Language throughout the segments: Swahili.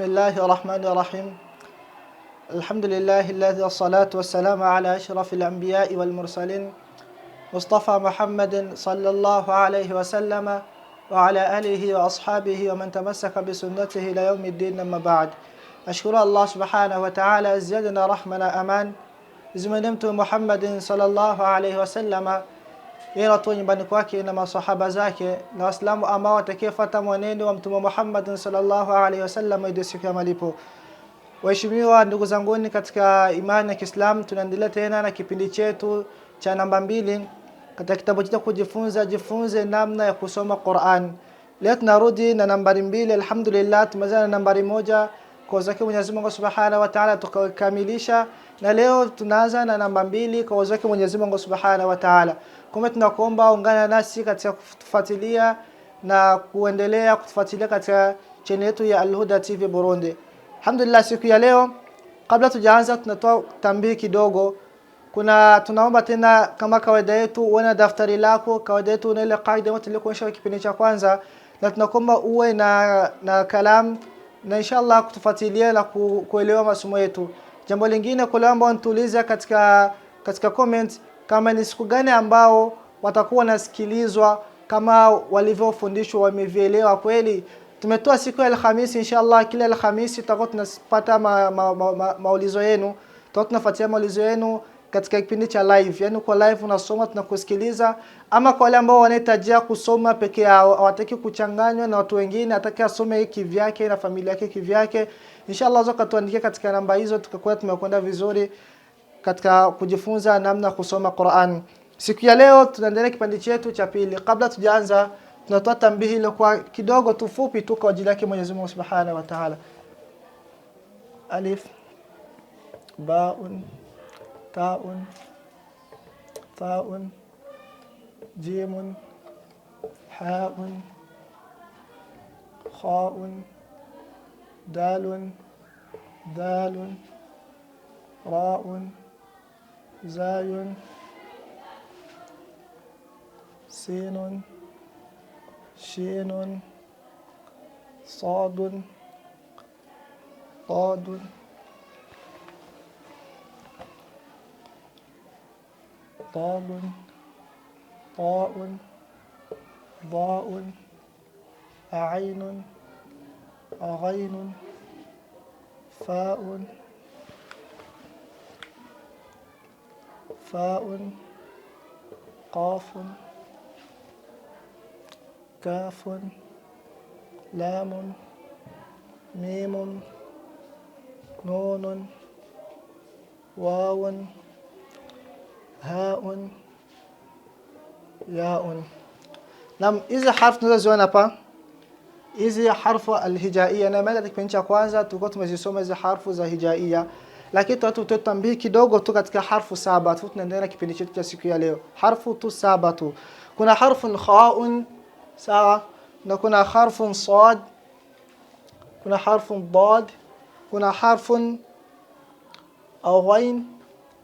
بسم الله الرحمن الرحيم الحمد لله الذي الصلاة والسلام على أشرف الأنبياء والمرسلين مصطفى محمد صلى الله عليه وسلم وعلى آله وأصحابه ومن تمسك بسنته إلى يوم الدين أما بعد أشكر الله سبحانه وتعالى زيادنا رحمنا أمان زمنمت محمد صلى الله عليه وسلم yeye watu nyumbani kwake na masahaba zake na Waislamu ambao watakayefuata mwenendo wa Mtume Muhammad sallallahu alaihi wasallam hadi siku ya malipo. Waheshimiwa ndugu zanguni katika imani ya Kiislamu, tunaendelea tena na kipindi chetu cha namba mbili katika kitabu cha kujifunza jifunze namna ya kusoma Qur'an. Leo tunarudi na nambari mbili, alhamdulillah tumezana na nambari moja kwa zake Mwenyezi Mungu Subhanahu wa Ta'ala tukakamilisha na leo tunaanza na namba mbili kwa uwezo wake Mwenyezi Mungu Subhanahu wa Ta'ala. Kumbe tunakuomba ungana nasi katika kufuatilia na kuendelea kutufuatilia katika chaneli yetu ya Alhuda TV Burundi. Alhamdulillah, siku ya leo, kabla tujaanza, tunatoa tambii kidogo. Kuna tunaomba tena, kama kawaida yetu, uwe na daftari lako. Kawaida yetu una ile kaida yote tulikuonyesha kipindi cha kwanza, na tunakuomba uwe na na kalamu, na inshallah kutufuatilia na ku, kuelewa masomo yetu. Jambo lingine kule ambao katika katika comment kama ni siku gani ambao watakuwa wanasikilizwa kama walivyofundishwa wamevielewa kweli. Tumetoa siku ya Alhamisi inshallah, kila Alhamisi tutakuwa tunapata ma, ma, ma, ma, maulizo yenu, tutakuwa tunafuatia maulizo yenu katika kipindi cha live, yani kwa live unasoma tunakusikiliza. Ama kwa wale ambao wanahitajia kusoma peke yao, hawataki kuchanganywa na watu wengine, ataka asome kivyake na familia yake kivyake Inshallah zoka tuandikie katika namba hizo, tukakuwa tumekwenda vizuri katika kujifunza namna kusoma Qur'an. Siku ya leo tunaendelea kipindi chetu cha pili. Kabla tujaanza, tunatoa tambihi kwa kidogo tufupi tu kwa ajili yake Mwenyezi Mungu Subhanahu wa Ta'ala. Alif baun taun thaun jimun haun khaun دال دال راء زاي سين شين صاد طاد طال طاء ضاء أعين غين فاء فاء قاف كاف لام ميم نون واو هاء ياء نعم إذا حرف نزل زوانا با hizi harfu alhijaia na maana kipindi cha kwanza tulikuwa tumezisoma hizi harfu za hijaia, lakini tatu tutambii kidogo tu katika harfu saba tu. Tunaendelea kipindi chetu cha siku ya leo, harfu tu saba tu. Kuna harfu khaun, sawa, na kuna harfu sad, kuna harfu dad, kuna harfu ghain,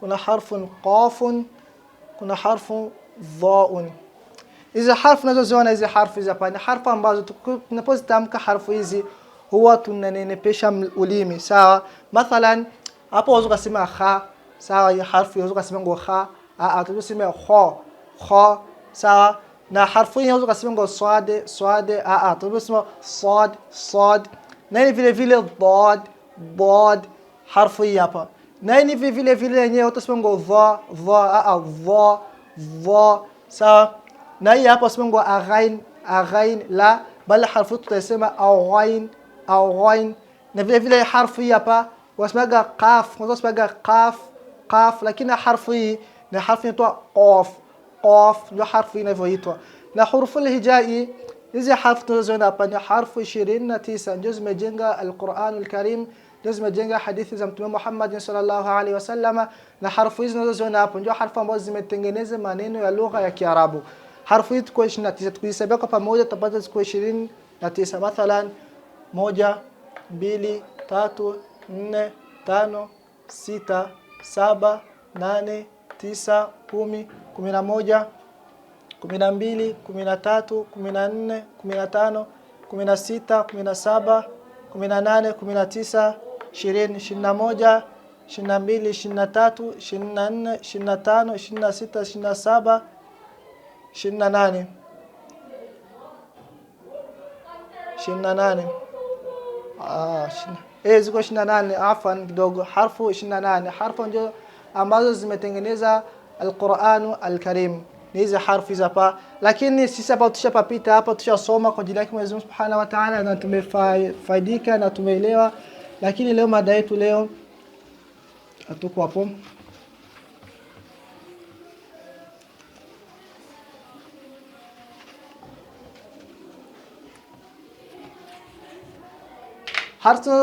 kuna harfu qaf, kuna harfu dhaun. Hizi harfu unazoziona hizi harfu hizi hapa ni harfu ambazo tunapozitamka harfu hizi huwa tunanenepesha ulimi, sawa. Mathalan hapo waweza kusema kha, sawa. Hii harfu waweza kusema ngo kha, a a, tuseme kho kho, sawa. Na harfu hii waweza kusema ngo swade swade, a a, tuseme sad sad. Na ni vile vile dad dad, harfu hii hapa na ni vile vile yenyewe utasema ngo dha dha, a a dha dha, sawa nayi hapa simengo aghain aghain la bali harfu tutaisema aghain aghain na vile vile harfu hii hapa wasemaga qaf kwanza wasemaga qaf qaf lakini harfu hii na harfu inaitwa qaf qaf ndio harfu inavyoitwa na hurufu hijai hizi harfu tunazoenda hapa ni harfu 29 ndio zimejenga alquranul karim ndio zimejenga hadithi za mtume Muhammad sallallahu alaihi wasallama na harfu hizi tunazoziona hapo ndio harfu ambazo zimetengeneza maneno ya lugha ya Kiarabu harfu hii tuko 29 tukizisabia kwa pamoja tutapata ziko 29. Mathalan moja, mbili, tatu, nne, tano, sita, saba, nane, tisa, kumi, kumi na moja, kumi na mbili, kumi na tatu, kumi na nne, kumi na tano, kumi na sita, kumi na saba, kumi na nane, kumi na tisa, ishirini, ishirini na moja, ishirini na mbili, ishirini na tatu, ishirini na nne, ishirini na tano, ishirini na sita, ishirini na saba ishirini na nane ishirini na nane ah, eh, ziko ishirini na nane afan kidogo, harfu ishirini na nane harfu ndio ambazo zimetengeneza Alquranu Alkarim ni hizi harfu za pa, lakini sisi hapa tushapapita hapa, tushasoma kwa ajili yake Mwenyezi Mungu Subhanahu wa Ta'ala, na tumefaidika na tumeelewa. Lakini leo mada yetu leo hatuko hapo.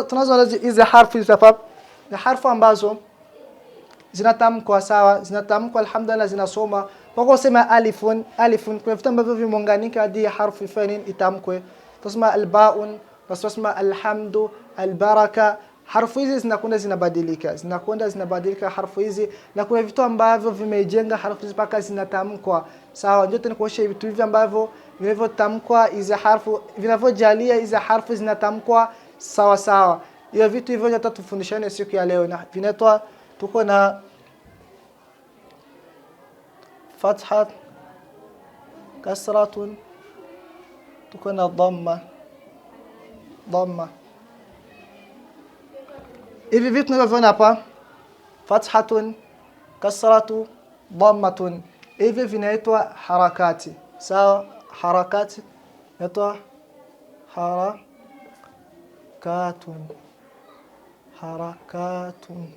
tunazoona hizi harfu safab ni harfu ambazo zinatamkwa sawa, zinatamkwa alhamdulillah, zinasoma wako sema alifun alifun. Kuna vitu ambavyo vimeunganika hadi harfu ifanye itamkwe, tasema albaun, tasema alhamdu, albaraka. Harfu hizi zinakwenda zinabadilika, zinakwenda zinabadilika harfu hizi, na kuna vitu ambavyo vimejenga harfu hizi mpaka zinatamkwa sawa. Ndio tena kuosha vitu hivi ambavyo vinavyotamkwa hizi harfu, vinavyojalia hizi harfu zinatamkwa sawa sawa. Hiyo vitu hivyo hata tufundishane siku ya leo, na vinaitwa tuko na fatha, kasratun, tuko na dhamma, dhamma. Hivi vitu tunavyoona hapa, fathatun, kasratu, dhammatun, hivi vinaitwa harakati. Sawa, harakati inaitwa hara harakatun harakatun.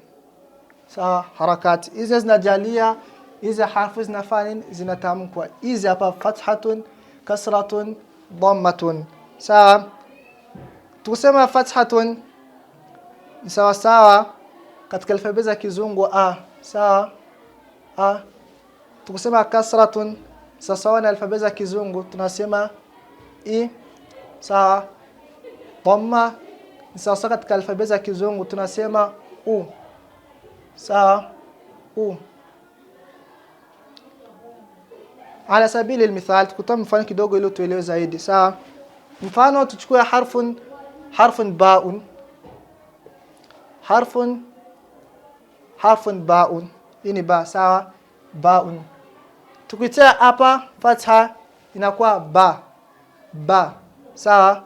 Sawa, harakati hizi zinajalia, hizi harfu zinafaa zinatamkwa, hizi hapa fathatun, kasratun, dhammatun. Sawa, tukisema fathatun ni sawa sawa katika alfabeti za kizungu a. Sawa, a. Tukisema kasratun sawa na alfabeti za kizungu tunasema i. Sawa, dhamma sasa katika alfabeti ya Kizungu tunasema u. Sawa? U. Ala sabili almithal, tukutoa mfano kidogo ili tuelewe zaidi. Sawa? Mfano tuchukue harfun harfun baun. Harfun harfun baun. Hii ni ba, sawa? Baun. Tukitia hapa fatha inakuwa ba. Ba. Sawa? so,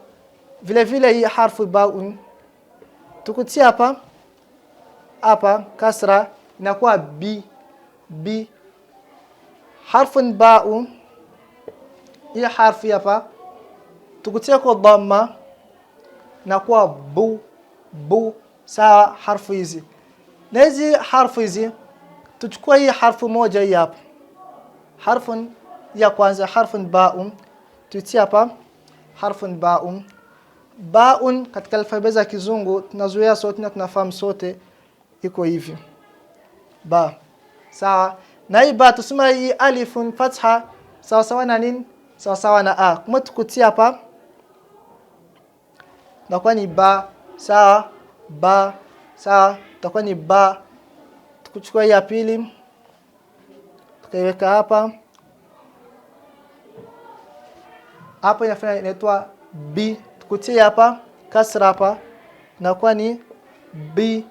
vile vile hii harfu baun tukutia hapa hapa, kasra inakuwa bi bi. Harfun bau hii harfu hapa, tukutia kwa dhamma inakuwa bu bu. Sawa, harfu hizi na hizi harfu hizi, tuchukua hii harfu moja hii hapa, harfun ya kwanza, harfun baun, tutia hapa harfun baun baun katika alfabeti za kizungu tunazoea sote na tunafahamu sote iko hivi ba sawa na hii ba tusema hii alifun fatha sawa sawa na nini sawa sawa na a kuma tukutia hapa takuwa ni ba sawa ba sawa takuwa ni ba tukuchukua hii ya pili tukaiweka hapa hapa inafanya inaitwa b kutia hapa kasra hapa inakuwa ni b.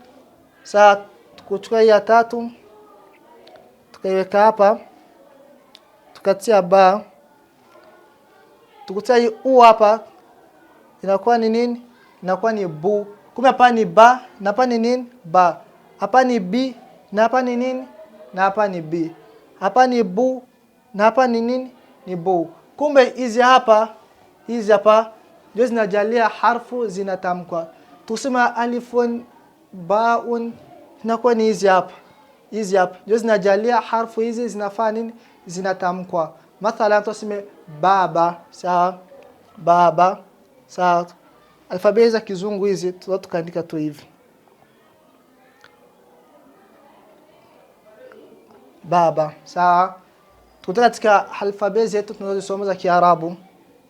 Sasa kuchukua hii ya tatu tukaiweka hapa tukatia ba, tukutia hii u hapa inakuwa ni nini? Inakuwa ni bu. Kumbe hapa ni ba na hapa ni nini? Ba. Hapa ni b na hapa ni nini? Na hapa ni b. Hapa ni bu na hapa ni nini? Ni bu. Kumbe hizi hapa hizi hapa ndio zinajalia harfu zinatamkwa. Tusema alifun, baun, inakuwa ni hizi hapa, hizi hapa ndio zinajalia harfu hizi zinafaa nini, zinatamkwa. Mathalan tuseme baba, sawa, baba, sawa. Alfabeti za kizungu hizi tukaandika tu hivi baba, sawa. Tukutana katika alfabeti zetu tunazosoma za Kiarabu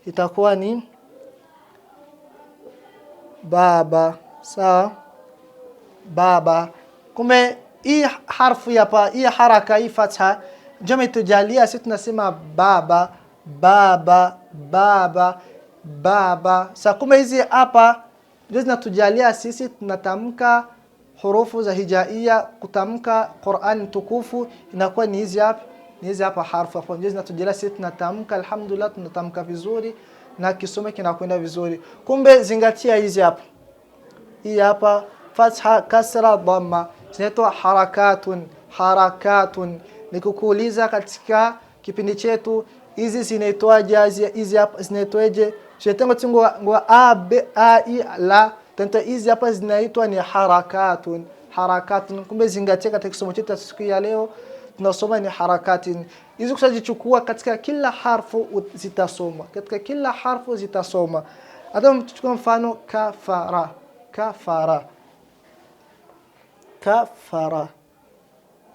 itakuwa ni baba sawa baba kume hii harfu hapa hii haraka hii fatha ndio imetujalia sisi tunasema baba baba baba baba sa kume hizi hapa ndio zinatujalia sisi tunatamka hurufu za hijaia kutamka Qur'an tukufu inakuwa ni hizi hapa ni hizi hapa harfu hapo ndio zinatujalia sisi tunatamka alhamdulillah tunatamka vizuri na kisome kinakwenda vizuri. Kumbe zingatia hizi hapa, hii hapa fatha, kasra, dhamma zinaitwa harakatun. Harakatun nikukuuliza katika kipindi chetu, hizi zinaitwaje? Hizi hapa zinaitwaje? Shetango a b a i la tanta, hizi hapa zinaitwa ni harakatun, harakatun. Kumbe zingatia katika kisomo chetu siku ya leo tunasoma ni harakati hizi, kushajichukua katika kila harfu zitasoma, katika kila harfu zitasoma. Hata mtuchukua mfano kafara, kafara, kafara,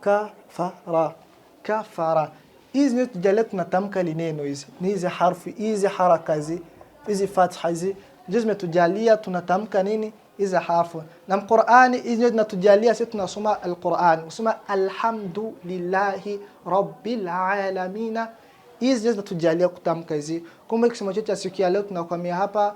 kafara, kafara. Hizi ndio tujalia tunatamka lineno, hizi ni hizi harfu hizi, harakazi hizi, fathazi hizo zimetujalia tunatamka nini iza hafu na Qur'ani hizo zinatujalia sisi tunasoma al-Qur'an usema alhamdulillahi rabbil alamin hizi zinatujalia kutamka hizi kumbe kisema chetu cha siku ya leo tunakwamia hapa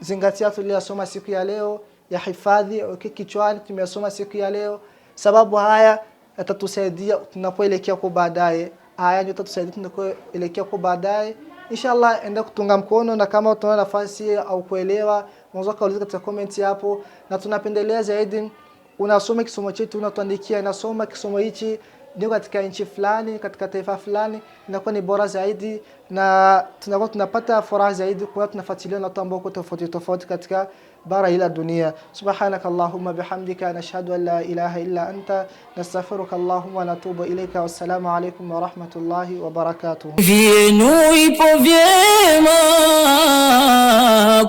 zingatia tuliyosoma siku ya leo ya hifadhi okay, kichwani tumesoma siku ya leo sababu haya yatatusaidia tunapoelekea kwa baadaye haya ndio yatatusaidia tunapoelekea kwa baadaye Inshallah endelea kutunga mkono, na kama utaona nafasi au kuelewa, unaweza kauliza katika comment hapo, na tunapendelea zaidi unasoma kisomo chetu, unatuandikia, nasoma kisomo hichi ndio katika nchi fulani, katika taifa fulani, inakuwa ni bora zaidi, na tunakuwa tunapata furaha zaidi kwa tunafuatilia na watu ambao tofauti tofauti katika bara ila dunia. Subhanaka Allahumma bihamdika nashhadu an la ilaha illa anta nastaghfiruka Allahumma natubu ilayka. Wassalamu alaykum wa rahmatullahi wa barakatuh. Vyenu ipo vyema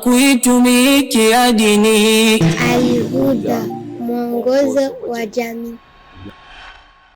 kuitumikia dini. Alhuda, mwongozo wa jamii.